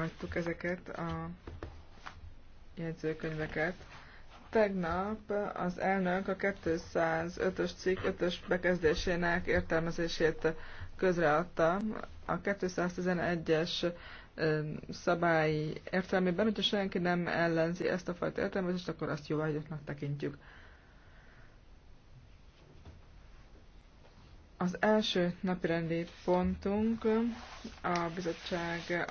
elfogadtuk ezeket a jegyzőkönyveket. Tegnap az elnök a 205-ös cikk 5-ös bekezdésének értelmezését közreadta. A 211-es szabály értelmében, hogyha senki nem ellenzi ezt a fajta értelmezést, akkor azt jóvágyottnak tekintjük. Az első napirendi pontunk a bizottság